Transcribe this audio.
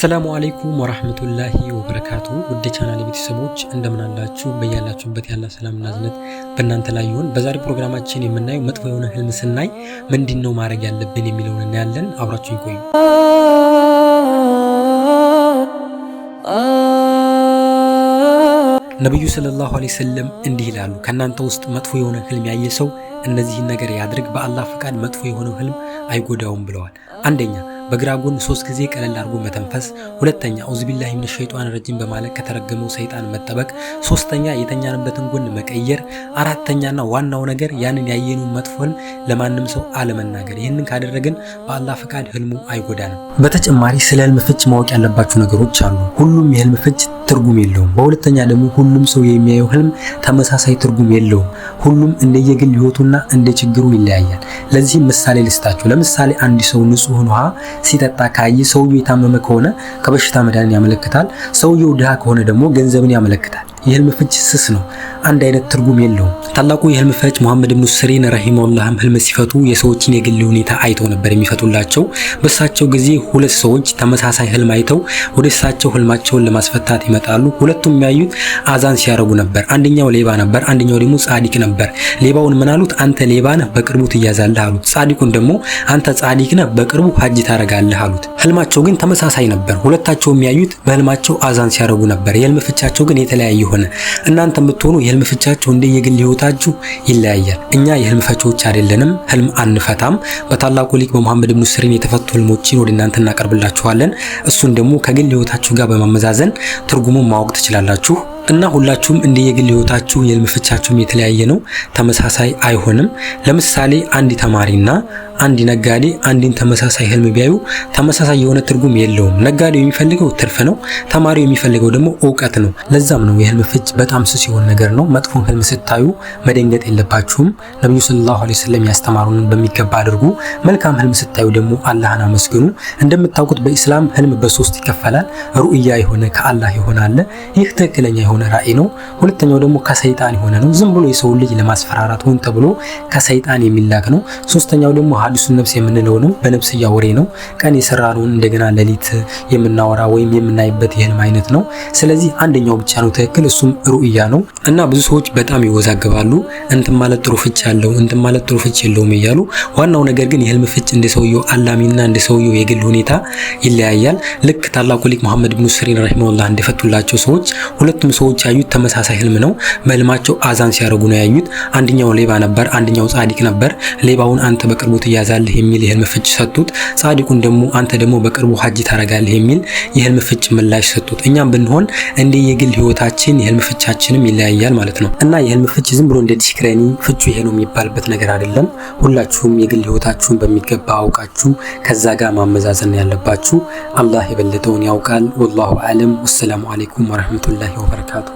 አሰላሙ አለይኩም ወራህመቱላሂ ወበረካቱ ውድ ቻናል ቤተሰቦች እንደምን አላችሁ? በያላችሁበት ያለ ሰላምና ዝነት በእናንተ ላይ ይሁን። በዛሬ ፕሮግራማችን የምናየው መጥፎ የሆነ ህልም ስናይ ምንድን ነው ማድረግ ያለብን የሚለውን እናያለን። አብራችሁ ይቆዩ። ነቢዩ ሰለላሁ ዐለይሂ ወሰለም እንዲህ ይላሉ፣ ከእናንተ ውስጥ መጥፎ የሆነ ህልም ያየ ሰው እነዚህን ነገር ያድርግ፣ በአላህ ፈቃድ መጥፎ የሆነው ህልም አይጎዳውም ብለዋል። አንደኛ በግራ ጎን ሶስት ጊዜ ቀለል አድርጎ መተንፈስ፣ ሁለተኛ አውዝቢላሂ ሚነ ሸይጣን ረጅም በማለት ከተረገመው ሰይጣን መጠበቅ፣ ሶስተኛ የተኛንበትን ጎን መቀየር፣ አራተኛና ዋናው ነገር ያንን ያየነውን መጥፎ ህልም ለማንም ሰው አለመናገር። ይህንን ካደረግን በአላህ ፈቃድ ህልሙ አይጎዳንም። በተጨማሪ ስለ ህልም ፍች ማወቅ ያለባቸው ነገሮች አሉ። ሁሉም የህልም ፍች ትርጉም የለውም። በሁለተኛ ደግሞ ሁሉም ሰው የሚያየው ህልም ተመሳሳይ ትርጉም የለውም። ሁሉም እንደየግል ህይወቱን ሰውና እንደ ችግሩ ይለያያል። ለዚህም ምሳሌ ልስጣችሁ። ለምሳሌ አንድ ሰው ንጹህን ውሃ ሲጠጣ ካየ ሰውየው የታመመ ከሆነ ከበሽታ መዳንን ያመለክታል። ሰውየው ድሃ ከሆነ ደግሞ ገንዘብን ያመለክታል። የህልም ፍች ስስ ነው፣ አንድ አይነት ትርጉም የለውም። ታላቁ የህልም ፈች መሐመድ ብኑ ሲሪን ረሂመሁላህም ህልም ሲፈቱ የሰዎችን የግል ሁኔታ አይተው ነበር የሚፈቱላቸው። በእሳቸው ጊዜ ሁለት ሰዎች ተመሳሳይ ህልም አይተው ወደ እሳቸው ህልማቸውን ለማስፈታት ይመጣሉ። ሁለቱም የሚያዩት አዛን ሲያረጉ ነበር። አንደኛው ሌባ ነበር፣ አንደኛው ደግሞ ጻዲቅ ነበር። ሌባውን ምን አሉት? አንተ ሌባ ነህ፣ በቅርቡ ትያዛለህ አሉት። ጻዲቁን ደግሞ አንተ ጻዲቅ ነህ፣ በቅርቡ ሀጅ ታረጋለህ አሉት። ህልማቸው ግን ተመሳሳይ ነበር። ሁለታቸው የሚያዩት በህልማቸው አዛን ሲያረጉ ነበር። የህልም ፍቻቸው ግን የተለያየ የሆነ እናንተ የምትሆኑ የህልም ፍቻችሁ እንደ የግል ህይወታችሁ ይለያያል። እኛ የህልም ፈቾች አይደለንም፣ ህልም አንፈታም። በታላቁ ሊቅ በመሐመድ ብኑ ሲሪን የተፈቱ ህልሞችን ወደ እናንተ እናቀርብላችኋለን። እሱን ደግሞ ከግል ህይወታችሁ ጋር በማመዛዘን ትርጉሙን ማወቅ ትችላላችሁ። እና ሁላችሁም እንደ የግል ህይወታችሁ የህልም ፍቻችሁም የተለያየ ነው፣ ተመሳሳይ አይሆንም። ለምሳሌ አንድ ተማሪና አንድ ነጋዴ አንድን ተመሳሳይ ህልም ቢያዩ ተመሳሳይ የሆነ ትርጉም የለውም። ነጋዴው የሚፈልገው ትርፍ ነው፣ ተማሪው የሚፈልገው ደግሞ እውቀት ነው። ለዛም ነው የህልም ፍች በጣም ስስ የሆነ ነገር ነው። መጥፎን ህልም ስታዩ መደንገጥ የለባችሁም። ነብዩ ሰለላሁ ዐለይሂ ወሰለም ያስተማሩን በሚገባ አድርጉ። መልካም ህልም ስታዩ ደግሞ አላህን አመስግኑ። እንደምታውቁት በኢስላም ህልም በሶስት ይከፈላል። ሩእያ የሆነ ከአላህ የሆነ አለ። ይህ ትክክለኛ የሆነ ራእይ ነው። ሁለተኛው ደግሞ ከሰይጣን የሆነ ነው። ዝም ብሎ የሰው ልጅ ለማስፈራራት ሆን ተብሎ ከሰይጣን የሚላክ ነው። ሶስተኛው ደግሞ ሐዲሱን ነፍስ ነው። በነፍስያ ወሬ ነው። ቀን የሰራነውን እንደገና ሌሊት የምናወራ ወይም የምናይበት የህልም አይነት ነው። ስለዚህ አንደኛው ብቻ ነው ትክክል፣ እሱም ሩእያ ነው። እና ብዙ ሰዎች በጣም ይወዛገባሉ። እንትን ማለት ጥሩ ፍች ያለው እንትን ማለት ጥሩ ፍች የለውም እያሉ። ዋናው ነገር ግን የህልም ፍች እንደ ሰውየው አላሚና እንደ ሰውየው የግል ሁኔታ ይለያያል። ልክ ታላቁ ሊቅ መሐመድ ብኑ ሲሪን ረሂመሁላህ እንደፈቱላቸው ሰዎች ሁለቱም ሰዎች ያዩት ተመሳሳይ ህልም ነው። በህልማቸው አዛን ሲያደርጉ ነው ያዩት። አንደኛው ሌባ ነበር፣ አንደኛው ጻዲቅ ነበር። ሌባውን አንተ በቅርቡ ትያዛለህ የሚል የህልም ፍች ሰጡት። ጻድቁን ደግሞ አንተ ደግሞ በቅርቡ ሀጅ ታረጋለህ የሚል የህልም ፍች ምላሽ ሰጡት። እኛም ብንሆን እንደ የግል ህይወታችን የህልም ፍቻችንም ይለያያል ማለት ነው እና የህልም ፍች ዝም ብሎ እንደ ዲስክረኒ ፍቹ ይሄ ነው የሚባልበት ነገር አይደለም። ሁላችሁም የግል ህይወታችሁን በሚገባ አውቃችሁ ከዛ ጋር ማመዛዘን ያለባችሁ። አላህ የበለጠውን ያውቃል። ወላሁ አለም። ወሰላሙ አሌይኩም ወረህመቱላሂ ወበረካቱ